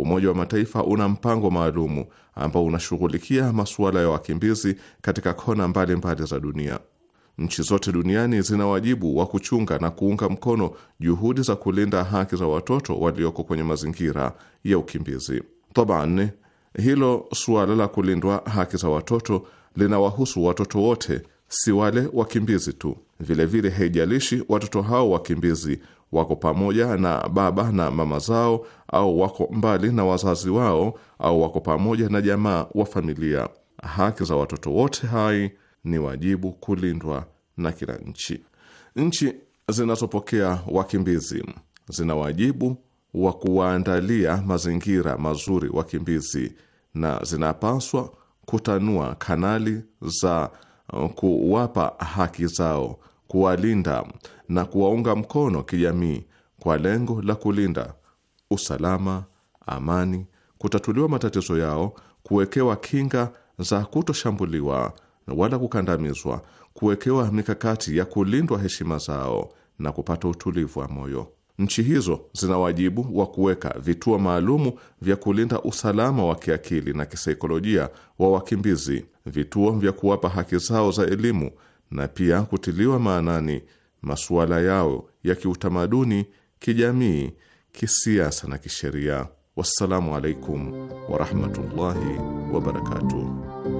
Umoja wa Mataifa una mpango maalumu ambao unashughulikia masuala ya wakimbizi katika kona mbalimbali mbali za dunia. Nchi zote duniani zina wajibu wa kuchunga na kuunga mkono juhudi za kulinda haki za watoto walioko kwenye mazingira ya ukimbizi. Taban, hilo suala la kulindwa haki za watoto linawahusu watoto wote, si wale wakimbizi tu. Vilevile haijalishi watoto hao wakimbizi wako pamoja na baba na mama zao, au wako mbali na wazazi wao, au wako pamoja na jamaa wa familia. Haki za watoto wote hai ni wajibu kulindwa na kila nchi. Nchi zinazopokea wakimbizi zina wajibu wa kuwaandalia mazingira mazuri wakimbizi, na zinapaswa kutanua kanali za kuwapa haki zao, kuwalinda na kuwaunga mkono kijamii kwa lengo la kulinda usalama, amani, kutatuliwa matatizo yao, kuwekewa kinga za kutoshambuliwa wala kukandamizwa, kuwekewa mikakati ya kulindwa heshima zao na kupata utulivu wa moyo. Nchi hizo zina wajibu wa kuweka vituo maalumu vya kulinda usalama wa kiakili na kisaikolojia wa wakimbizi, vituo vya kuwapa haki zao za elimu na pia kutiliwa maanani masuala yao ya kiutamaduni, kijamii, kisiasa na kisheria. Wassalamu alaikum warahmatullahi wabarakatuh.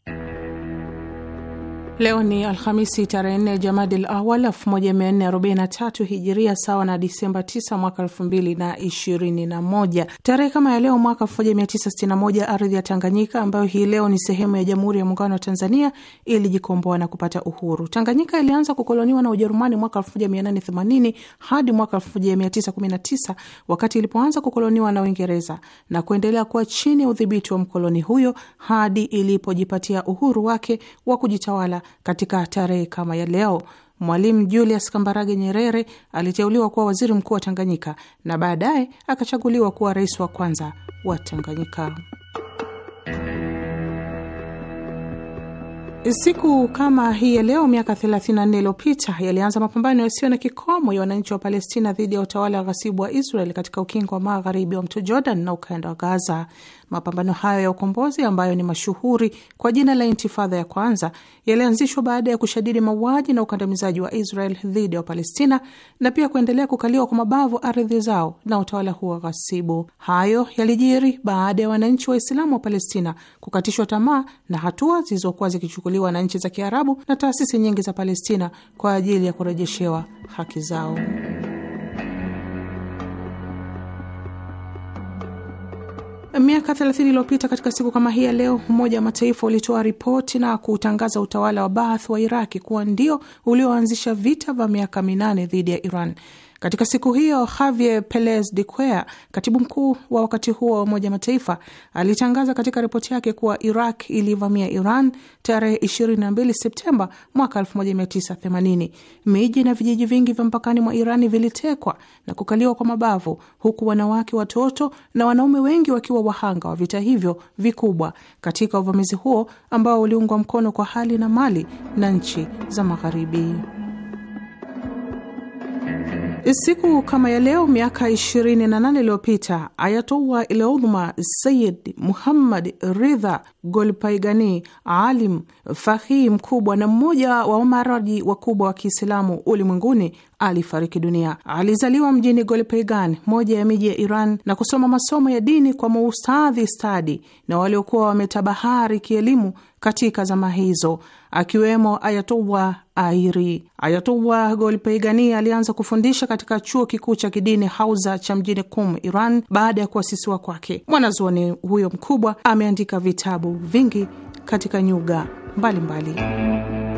Leo ni Alhamisi tarehe 4 l Awal 1443 Hijiria, sawa na Disemba 9 mwaka 2021. Tarehe kama ya leo mwaka 1961 ardhi ya Tanganyika ambayo hii leo ni sehemu ya Jamhuri ya Muungano wa Tanzania ilijikomboa na kupata uhuru. Tanganyika ilianza kukoloniwa na Ujerumani mwaka 1880 hadi mwaka 1919 wakati ilipoanza kukoloniwa na Uingereza na kuendelea kuwa chini ya udhibiti wa mkoloni huyo hadi ilipojipatia uhuru wake wa kujitawala katika tarehe kama ya leo, Mwalimu Julius Kambarage Nyerere aliteuliwa kuwa waziri mkuu wa Tanganyika na baadaye akachaguliwa kuwa rais wa kwanza wa Tanganyika. Siku kama hii ya leo miaka 34 iliyopita yalianza mapambano yasiyo na kikomo ya wananchi wa Palestina dhidi ya utawala wa ghasibu wa Israel katika ukingo wa magharibi wa mto Jordan na ukanda wa Gaza. Mapambano hayo ya ukombozi ambayo ni mashuhuri kwa jina la Intifadha ya kwanza yalianzishwa baada ya kushadidi mauaji na ukandamizaji wa Israel dhidi ya Wapalestina na pia kuendelea kukaliwa kwa mabavu ardhi zao na utawala huo ghasibu. Hayo yalijiri baada ya wananchi Waislamu wa Palestina kukatishwa tamaa na hatua zilizokuwa zikichukuliwa na nchi za Kiarabu na taasisi nyingi za Palestina kwa ajili ya kurejeshewa haki zao. Miaka 30 iliyopita katika siku kama hii ya leo, Umoja wa Mataifa ulitoa ripoti na kuutangaza utawala wa Baath wa Iraki kuwa ndio ulioanzisha vita vya miaka minane dhidi ya Iran. Katika siku hiyo Javier Perez de Cuellar, katibu mkuu wa wakati huo wa Umoja Mataifa, alitangaza katika ripoti yake kuwa Iraq ilivamia Iran tarehe 22 Septemba mwaka 1980. Miji na vijiji vingi vya mpakani mwa Irani vilitekwa na kukaliwa kwa mabavu, huku wanawake, watoto na wanaume wengi wakiwa wahanga wa vita hivyo vikubwa katika uvamizi huo ambao uliungwa mkono kwa hali na mali na nchi za Magharibi. Siku kama ya leo miaka 28 iliyopita Ayatullah Ilaudhma Sayid Muhammad Ridha Golpaigani, alim fakihi mkubwa na mmoja wa wamaraji wakubwa wa Kiislamu ulimwenguni alifariki dunia. Alizaliwa mjini Golpaigan, moja ya miji ya Iran, na kusoma masomo ya dini kwa maustadhi stadi na waliokuwa wametabahari kielimu katika zama hizo akiwemo Ayatullah Airi. Ayatullah Golpeigani alianza kufundisha katika chuo kikuu cha kidini Hauza cha mjini Kum, Iran, baada ya kuasisiwa kwake. Mwanazuoni huyo mkubwa ameandika vitabu vingi katika nyuga mbalimbali
mbali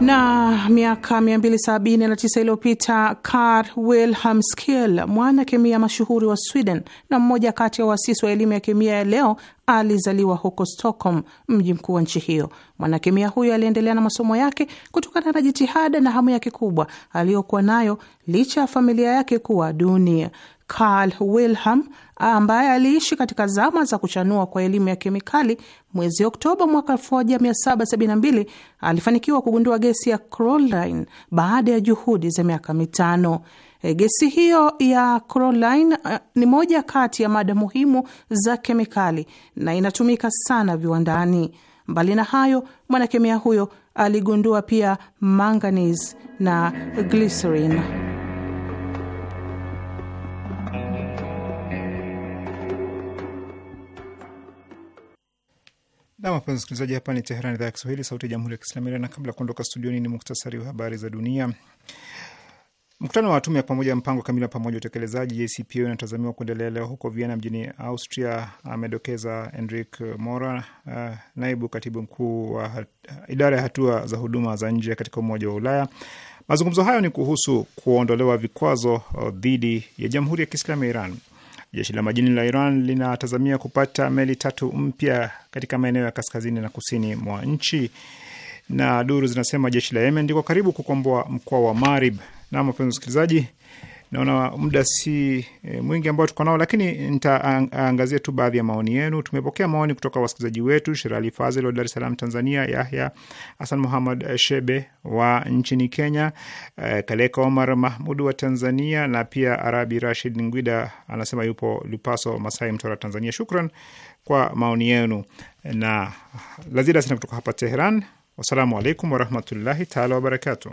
na miaka 279 iliyopita Carl Wilhelm Skill, mwana kemia mashuhuri wa Sweden na mmoja kati ya waasisi wa elimu ya kemia ya leo, alizaliwa huko Stockholm, mji mkuu wa nchi hiyo. Mwanakemia huyo aliendelea na masomo yake kutokana na jitihada na hamu yake kubwa aliyokuwa nayo licha ya familia yake kuwa duni. Carl Wilhelm ambaye aliishi katika zama za kuchanua kwa elimu ya kemikali, mwezi Oktoba mwaka 1772 alifanikiwa kugundua gesi ya Crinoline baada ya juhudi za miaka mitano. E, gesi hiyo ya Crinoline uh, e, ni moja kati ya mada muhimu za kemikali na inatumika sana viwandani. Mbali na hayo, mwanakemia huyo aligundua pia manganese na glycerin.
Nam, wapenzi msikilizaji, hapa ni Teheran, idhaa ya Kiswahili, sauti ya jamhuri ya kiislamu Iran. Na kabla ya kuondoka studioni, ni muktasari wa habari za dunia. Mkutano wa tume ya pamoja mpango kamili wa pamoja utekelezaji jcpo inatazamiwa kuendelea leo huko Vienna mjini Austria, amedokeza enrik Mora, uh, naibu katibu mkuu wa uh, idara ya hatua za huduma za nje katika Umoja wa Ulaya. Mazungumzo hayo ni kuhusu kuondolewa vikwazo uh, dhidi ya Jamhuri ya Kiislamu ya Iran. Jeshi la majini la Iran linatazamia kupata meli tatu mpya katika maeneo ya kaskazini na kusini mwa nchi, na duru zinasema jeshi la Yemen liko karibu kukomboa mkoa wa Marib. Na mapenzi msikilizaji, Naona muda si e, mwingi ambao tuko nao, lakini nitaangazia tu baadhi ya maoni yenu. Tumepokea maoni kutoka wasikilizaji wetu Sherali Fazel wa Dar es Salaam, Tanzania, Yahya Hasan Muhammad Shebe wa nchini Kenya, e, Kaleka Omar Mahmud wa Tanzania na pia Arabi Rashid Ngwida anasema yupo Lupaso, Masai Mtora, Tanzania. Shukran kwa maoni yenu na lazida sina kutoka hapa Teheran. Wassalamu alaikum warahmatullahi taala wabarakatuh.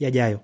yajayo.